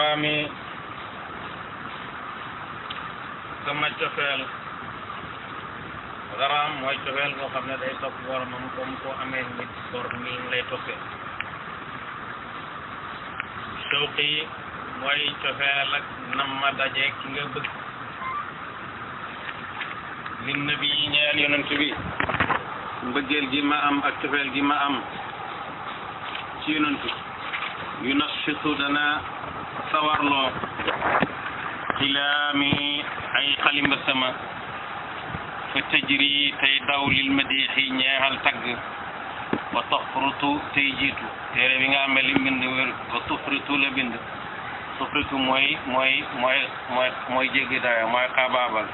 xaraami sama cofeel xaraam mooy cofeel boo xam ne day topp boromam comme ko amee nit bor mi lay toppee shawqi mooy cofeel ak nam ma daje ki nga bëgg li nabi ñeel yonent bi mbëggeel gi ma am ak cofeel gi ma am ci yonent bi yu nafisu dana sawarloo xilaami ay xalimba sama fa tajri tey daw lil madixi ñeexal tagg wa tafrutu tey jiitu téere bi nga amee li mbind wér wa tufritu la bind tufritu mooy mooy mooy mooy mooy jéggi dayo mooy xaabaabal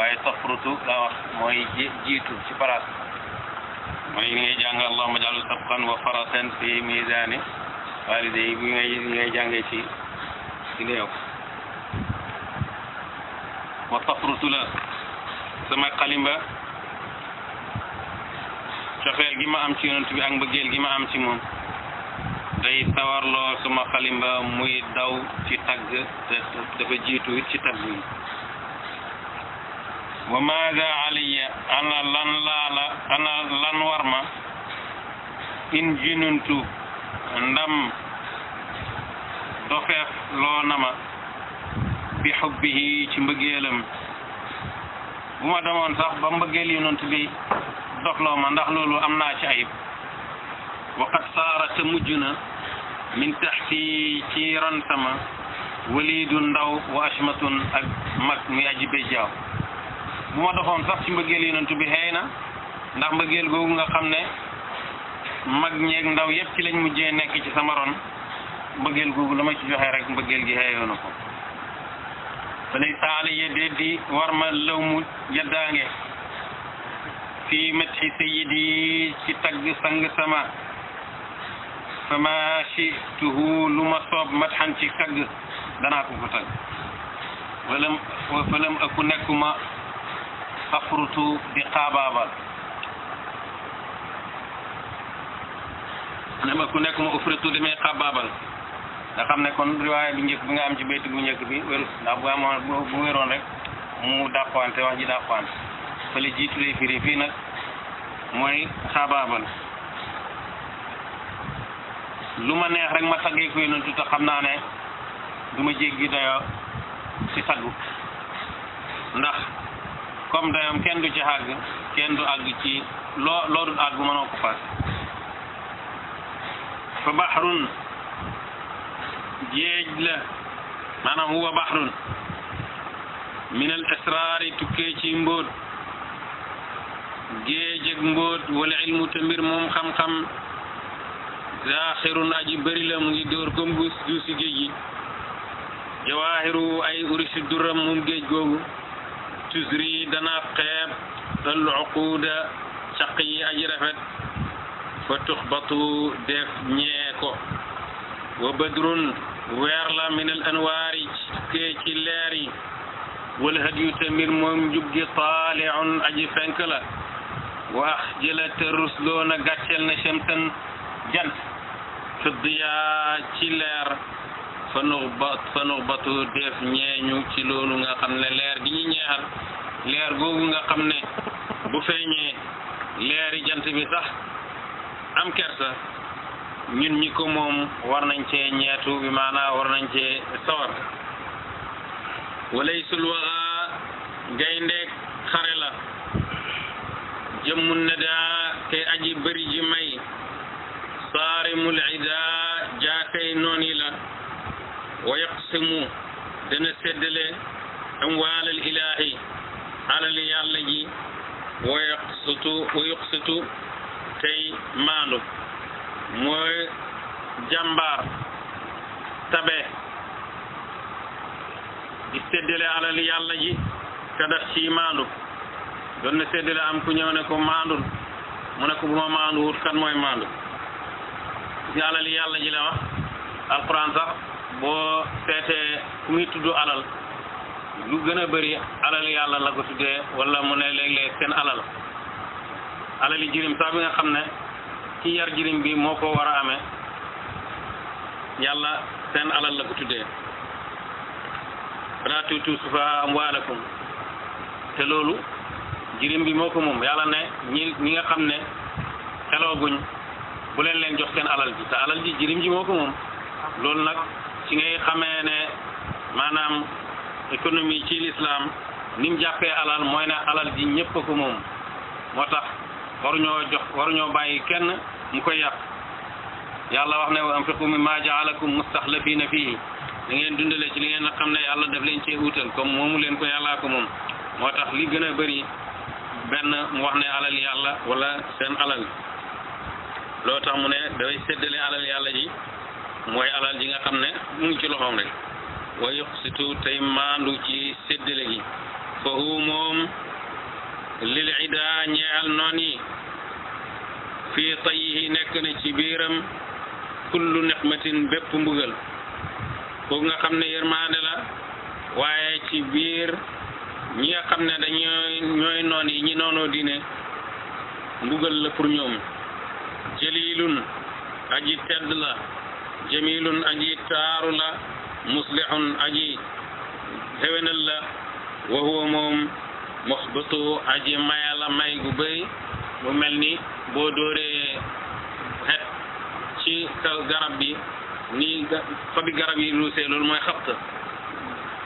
waaye tafrutu la wax mooy jiitu ci palaas mooy li ngay jàng allahuma jaalu sabqan wa faratan fi misaani waalide yi bu ngay ñu ngay jàngee ci ci néew wa gi ma am ci yonent bi ak mbëggeel gi ma am ci moom day sawarloo sama xalimba muy daw ci tagg te dafa jiitu ci tagg yi wa maada aliya ana lan laala ana lan war ma in jununtu ndam dofeef loo na ma bi xubbihi ci mbëggeelam bu ma demoon sax ba mbëggeel yonent bi dofloo ma ndax loolu am naa ci ayib waqad saara te mujj na min taxti ci ron sama waliidu ndaw wa ashmatun ak mag muy aji béjjaaw bu ma doxoon sax ci mbëggeel yonent bi xëy na ndax mbëggeel googu nga xam ne mag ñeeg ndaw yëpp ci lañ mujjee nekk ci sama ron mbëggeel la ma ci joxe rek mbëggeel gi xeeyoo na ko falay taala yedde di war ma law mu yeddaange fii métti ci tagg sang sama fama chituhu lu ma soob mat xan ci tagg danaa ko ko tagg walam falam aku nekkuma afrutu di xaabaabal ne ma ku nekk ma ufritu li may xabaabal nga xam ne kon riwaaya bu njëkk bi nga am ci bayti bu njëkk bi wéru ndax bu amoon bu wéroon rek mu dàqwante wax ji dàqwante fële jiitu lay firi fii nag mooy xabaabal lu ma neex rek ma taggee ko yonentu te xam naa ne du ma jéggi dayoo ci taggu ndax comme dayoom kenn du ci àgg kenn du àgg ci loo loo dul àgg mënoo ko paas fa baxrun géej la maanaam huwa baxrun min al asraari tukkee ci mbóot géej ak mbóot wala ilmu te mbir moom xam-xam zaaxirun aji bëri la mu ngi dóor comme du si géej gi jawaahiru ay urisi duram moom géej googu tusri dana xeeb al uquuda caq yi aji rafet fa tuxbatu def ñee ko wa badrun weer la min al anwaari tukkee ci leer yi wal hadiyu tamit moom njub gi taaliun aji fenk la waax jëla te rusloona gàccel na shamsan jant fiddiyaa ci leer fa nuxbat fa nuxbatu def ñeeñu ci loolu nga xam ne leer gi ñu ñeexal leer googu nga xam ne bu feeñee leeri jant bi sax am kersa ñun ñi ko moom war nañ cee ñeetu bi maanaa war nañ cee sawar walay sulwaxaa gayndeek xare la jëmmun ne daa kay aji bëri ji may saarimul ida jaakay noon yi la wa yaqsimu dana séddale amwaalal ilaahi alal yàlla wa yuqsitu day maandu mooy jàmbaar tabe di séddale alal yàlla ji te daf ci maandu doon na séddale am ku ñëw ne ko maandul mu ne ko bu maandu wut mooy maandu ci alal yàlla ji la wax alquran sax boo seetee ku muy tudd alal lu gën a bëri alal yàlla la ko tuddee wala mu ne léeg-léeg seen alal alali jirim saa bi nga xam ne ci yar jirim bi moo ko war ame amee yàlla seen alal la ko tuddee wala tuutu sufaha amwaalakum te loolu jirim bi moo ko moom yàlla ne ñi ñi nga xam ne xelooguñ bu leen leen jox seen alal ji te alal ji jirim ji moo ko moom loolu nag ci ngay xamee ne maanaam économie ci l'islam ni mu jàppee alal mooy na alal ji ñëpp a ko moom moo tax waruñoo jox waruñoo bàyyi kenn mu koy yàq yàlla wax ne wa anfiqu mimma jaalakum mustaxlafina fihi da ngeen dundale ci li ngeen xam ne yàlla daf leen cee wuutal comme moomu leen ko yàllaa ko moom moo tax li gën a bëri benn mu wax ne alal yàlla wala seen alal loo tax mu ne dafay séddale alal yàlla ji mooy alal ji nga xam ne mu ci loxoom rek wa yuqsitu tey maandu ci séddale gi foofu moom lil ida ñeexal noon yi fii tayihi nekk na ci biiram kullu nixmatin bépp mbugal kooku nga xam ne yërmaande la waaye ci biir ñi nga xam ne dañooy ñooy noon yi ñi noonoo mbugal la pour ñoom jalilun aji tedd la jamilun aji taaru la muslihun aji hewenal la wa huwa moom muxbitu aji maya la may gu bëri bu mel ni boo dóoree xet ci kaw garab bi ni xobi garab yi ruusee loolu mooy xabt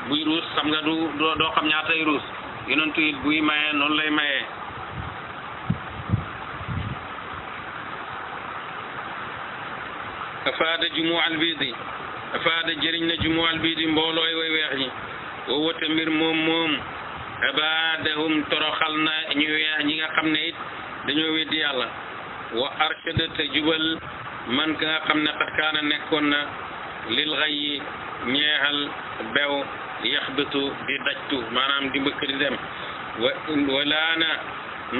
buy ruus xam nga doo xam ñaatay ruus yonentu it buy mayee noonu lay mayee afaada jumu albiidi afaada jëriñ na jumu albiidi mboolooy weex ñi woo wote mbir moom moom abadahum toroxal na ñu weex ñi nga xam ne it dañoo weddi yàlla wa arshada te jubal man ka nga xam ne xat kaana nekkoon na lil xayyi ñeexal bew yaxbitu di dajtu maanaam di mbëkk di dem wa walaana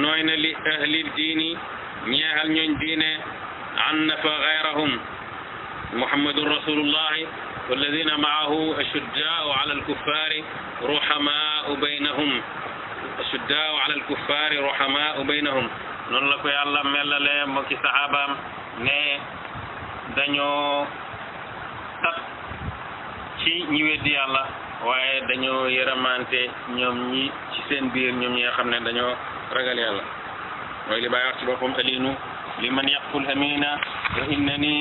nooy na li ahlil diini ñeexal ñooñ diine an nafa gayrahum muhammadun rasulullahi والذين معه أشداء على الكفار رحماء بينهم أشداء على الكفار رحماء بينهم noonu la ko yàlla melalee moo ki saxaabaam ne dañoo tat ci ñi weddi yàlla waaye dañoo yërëmante ñoom ñi ci seen biir ñoom ñi nga xam ne dañoo ragal yàlla mooy li bàyyi wax ci boppam alinu li man yaqul amina wa innani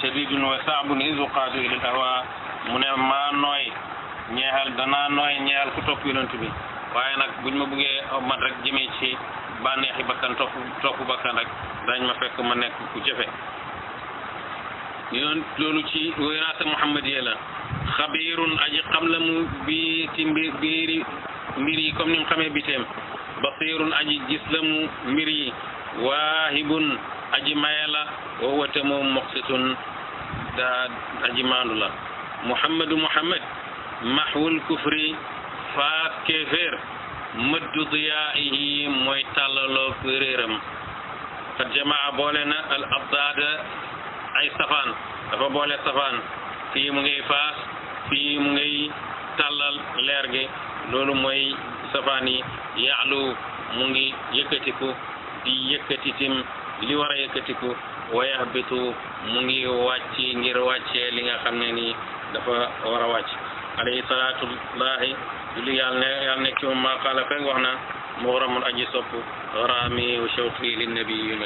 shadidun wa saabun isu qaadu ilal hawa mu ne maa nooy ñeexal danaa nooy ñeexal ku topp yonent bi waaye nag buñ ma buggee man rek jëmee ci bànneexi bakkan topp bakkan rek dañ ma fekk ma nekk ku jëfe yoon loolu ci wéraata muhammadiya la xabiirun aji xam la mu bii ci mbir biiri mbir yi comme ni xamee biteem basiirun aji gis la mu mbir yi waahibun aji maye la wowate moom moxsitun daa aji maandu la muhammadu muhammad mahwul kufri faat kéeféer mëddu diyaayihi mooy tàllaloog réeram qad jamaa boole na al abdaada ay safaan dafa boole safaan fii mu ngay faas fii mu ngay tàllal leer gi loolu mooy safaan yi yaalu mu ngi yëkkatiku di yëkkatitim li war a yëkkatiku wayax bitu mu ngi wàcci ngir wàccee li nga xam ne nii dafa war a wàcc alayhi salaatullahi li yàlla ne yàlla ne ci moom maa qaala feng wax na muxramul aji sopp raami shawqi linnabi yu